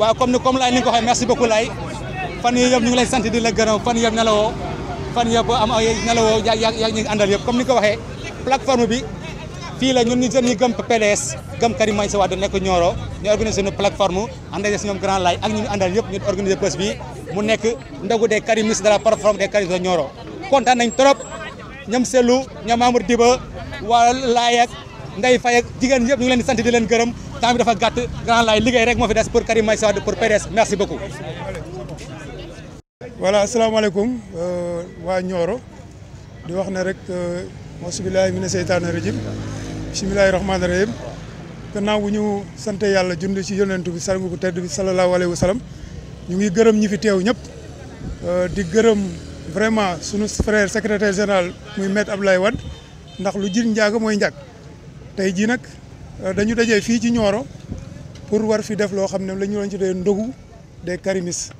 waaw comme ni comme lay ni ko waxee merci beaucoup lay fan yi yëpp ñu ngi lay sante di la gërëm fan yëpp nelawoo fan yëpp am ay nelawoo ya ya yaa ñu andal yëpp comme ni ko waxe plateforme bi fi la ñun ñu jeunes yi gëm PDS gëm Karim wa do nek ñoro ñu organiser une plateforme ànd ci ñom grand lay ak ñu andal àndal ñu organiser bus bi mu nekk ndogu des karimistes de la plateforme des Karim ñoro contane nañ trop ñoom selu ñoom amour Diba wa Laay ak ngay fay ak jigen ñep ñu ngi leen di sant di leen gërëm tam bi dafa gatt grand lay liggéey rek mo fi des pour Karim may Wade pour PDS merci beaucoup voilà euh wa ñoro di wax ne rek masubilahi euh, mina seytaane rajim bismillahir rahmanir rahim gannaaw bu ñu sante yalla jund ci yonentou bi sallallahu bu tedd bi sallallahu alayhi wa ñu ngi gërëm ñi fi teew ñëpp euh, di gërëm vraiment sunu frère secrétaire général muy maître Abdoulaye wad ndax lu jir njaaga moy njàgg tay ji nak euh, dañu dajé fi ci ñoro pour war fi def lo xamné lañu lañ ci dé ndogu dé karimis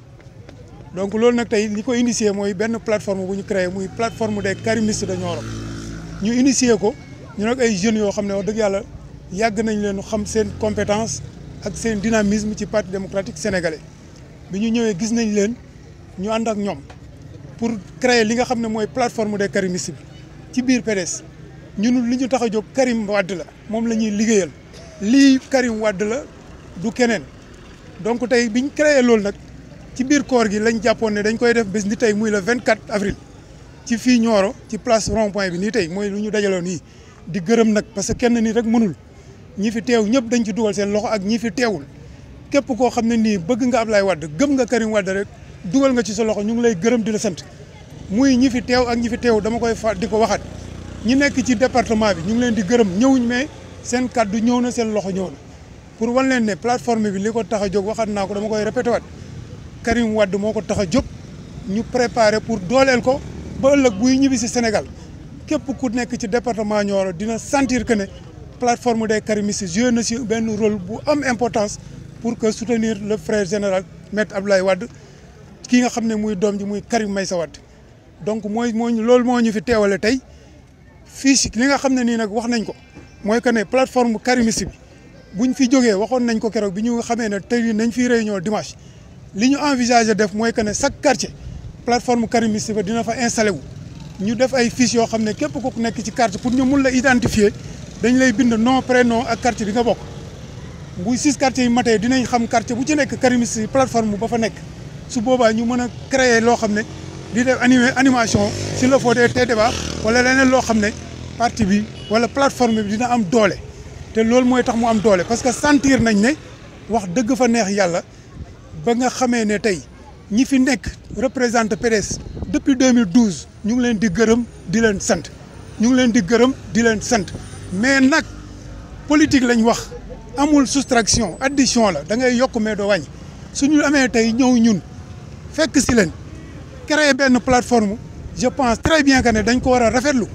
donc lool nak tay liko initier moy ben plateforme bu créer muy plateforme dé karimis de ñoro ñu initier ko ñu nak ay jeunes yo xamné wax deug yalla yag nañ leen xam seen compétence ak seen dynamisme ci parti démocratique sénégalais bi ñu ñëwé gis nañ leen ñu and ak ñom pour créer li nga xamné moy plateforme dé karimis ci biir PDS ñun liñu ñu jog Karim wad la mom lañuy ligéyal li Karim wad la du keneen donc tay biñ créé lool nak ci bir koor gi lañ dañ koy def bes ni tay muy le 24 avril ci fi ñoro ci place rond point bi ni tay moy luñu dajalon ni di gëreum nak parce que kenn ni rek mënul ñi fi tew ñep dañ ci duggal seen loxo ak ñi fi tewul kep ko xamne ni bëgg nga ablay wad gëm nga Karim wad rek duggal nga ci sa loxo ñu ngi lay gëreum di la sant muy ñi fi tew ak ñi fi tew dama koy fa waxat ñi nekk ci département bi ñu ngi leen di gërëm ñëwuñ mais seen kàddu ñëw na seen loxo ñëw na pour wan leen ne plateforme bi li ko tax a jóg waxaat naa ko dama koy répété waat Karim Wade moo ko tax a jóg ñu préparé pour dooleel ko ba ëllëg buy ñibbi si Sénégal képp ku nekk ci département ñooro dina sentir que ne plateforme des karimistes joué na si benn rôle bu am importance pour que soutenir le frère général maître Abdoulaye Wade ki nga xam ne muy doom ji muy Karim Meïssa Wade donc mooy moo loolu moo ñu fi teewale tey fii si li nga xam ne nii nag wax nañ ko mooy que ne plateforme karimiste bi ñu fi jógee waxoon nañ ko keroog bi ñu xamee ne tey nañ fi ñoo dimanche li ñu envisagé def mooy que ne chaque quartier plateforme karimiste ba dina fa installé wu ñu def ay fiches yoo xam ne képp ku nekk ci carte pour ñu mun la identifier dañ lay bind non nom prénom ak quartier bi nga bokk bu six quartiers yi matee dinañ xam quartier bu ci nekk karimiste plateforme ba fa nekk su boobaa ñu mën a créer loo xam ne di def animé animation le faut des te débat wala leneen loo xam parti bi wala plateforme bi dina am doole té lool moy tax mu am doole parce que sentir nañ né wax deug fa neex yalla ba nga xamé né tay ñi fi nek représente PDS depuis 2012 ñu ngi leen di gëreum di leen sant ñu ngi leen di gëreum di leen sant mais nak politique lañ wax amul soustraction addition la da ngay yok mais do wàññi suñu amé tay ñew ñun fekk si leen créer ben plateforme je pense très bien que dañ ko wara rafetlu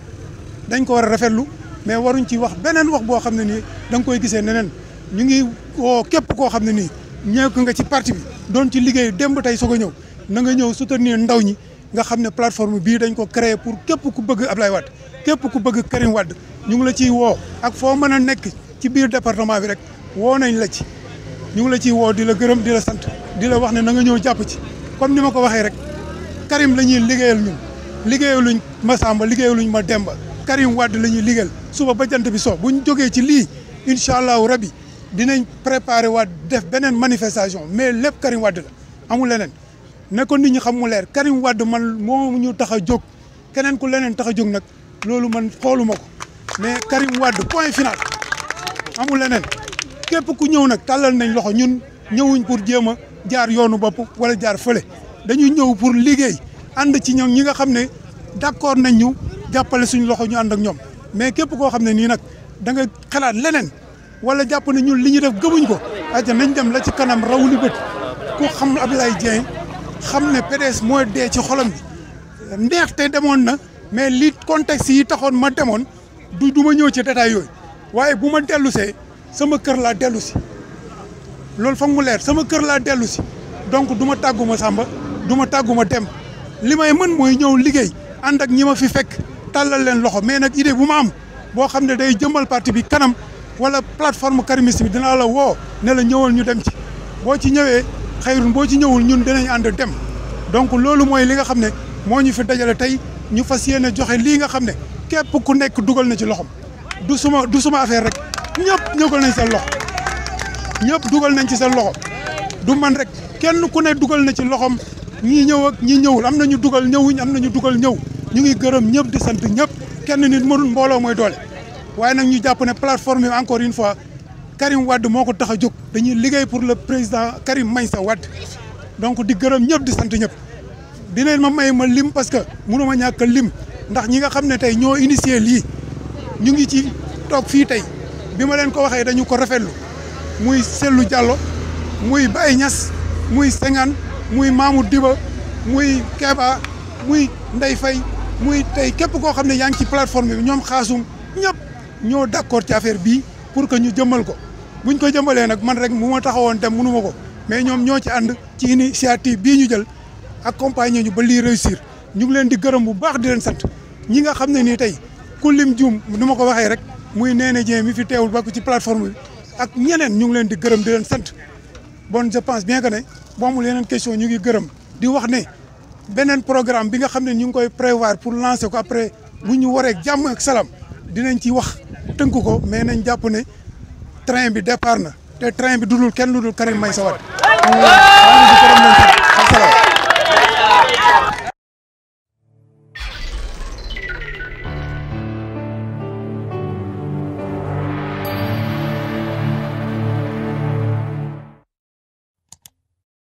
dañ ko wara rafetlu mais waruñ ci wax benen wax bo xamné ni nii koy gisee nenen ñu ngi ko képp ko xamné ni nii nga ci parti bi doon ci liggéey demb tay soog ñew na nga ñew soutenir ndaw ñi nga xamné plateforme bi dañ ko créer pour képp ku bëgg ablay wad képp ku bëgg Karim wad ñu ngi la ci wo ak fo mëna nekk ci biir département bi rek wo nañ la ci ñu ngi la ci wo di la gërëm di la sant di la wax ne na nga ñew japp ci comme nima ko waxee rek Karim la ñuy liggéeyal ñun liggéeyaluñ ma Samba liggéeyaluñ ma Demba Karim Wade la ñuy suba ba jant bi so buñ jógee ci lii incha allahu dinañ préparer def benen manifestation mais lépp Karim Wade la amul leneen ne ko nit ñi xam leer Karim Wade man moo ñu tax a jóg keneen ku leneen man xooluma mais Karim Wade point final amul leneen képp ku ñëw nag tàllal nañ loxo ñun ñëwuñ pour jéem jaar yoonu wala jaar fële dañuy ñëw pour liggéey ànd ci ñoom ñi nga xam ne d'accord nañ ñu jàppale suñu loxo ñu ànd ak ñoom mais képp koo xam ne nii nag da nga xalaat leneen wala jàpp ne ñun li ñu def gëmuñ ko aja nañ dem la ci kanam rawu li bët ku xam Abdoulaye Dieng xam ne PDS mooy dee ci xolam bi neex te demoon na mais li contexte yi taxoon ma demoon du du ma ñëw ci détail yooyu waaye bu ma dellu see sama kër laa dellu si loolu foog mu leer sama kër laa dellu si donc du ma tàggu ma Dumata taguma dem limay tem mën moy ñew liggey and ak ñima fi fekk talal leen loxo mais nak idée bu ma am bo xamne day jëmmal parti bi kanam wala plateforme karimiste bi dina la wo ne la ñewal ñu dem ci bo ci ñewé xayrun bo ci ñewul ñun dinañ and dem donc lolu moy li nga xamne mo ñu fi dajale tay ñu fasiyene joxe li nga xamne ne képp ku nekk duggal na ci loxom du suma du suma affaire rek ñëpp dugal nañ seen loxo duggal nañ ci loxo du man rek kenn ku ne duggal na ci loxom ñi ñëw ak ñi ñëwul am na ñu dugal ñëwuñ am na ñu dugal ñëw ñu ngi gërëm ñëpp di sant ñëpp kenn nit mënul mbooloo mooy doole waaye nag ñu jàpp ne plateforme encore une fois Karim Wade moo ko tax a jóg dañuy liggéey pour la président Karim Meïssa Wade donc di gërëm ñëpp di sant ñëpp di leen ma may ma lim parce que mënu ma ñàkk lim ndax ñi nga xam ne tey ñoo initié lii ñu ngi ci toog fii tey bi ma leen ko waxee dañu ko rafetlu muy Cellou Diallo muy bay ñas muy Senghane muy Mamou Diba muy Keba muy Ndeye fay muy tey képp koo xam ne yaa ngi ci plateforme bi ñoom xaasum ñëpp ñoo d'accord ci affaire bii pour que ñu jëmmal ko buñ ko jëmmalee nag man rek mu ma taxawoon dem mënu ko mais ñoom ñoo ci ànd ci initiative bii ñu jël accompagner ñu ba lii réussir ñu ngi leen di gërëm bu baax di leen sent ñi nga xam ne nii tey ku lim juum nu ma ko waxee rek muy Néné Dieng mi fi teewul bokk ci plateforme bi ak ñeneen ñu ngi leen di gërëm di sant bon je pense bien que bu amul yeneen question ñu ngi gërëm di wax ne beneen programme bi nga xam ne ñu ngi koy prévoir pour lancer ko après bu ñu waree jàmm ak salaam dinañ ci wax tënk ko mais nañ jàpp ne train bi départ na te train bi du dudul kenn lu dul Karim Meïssa Wade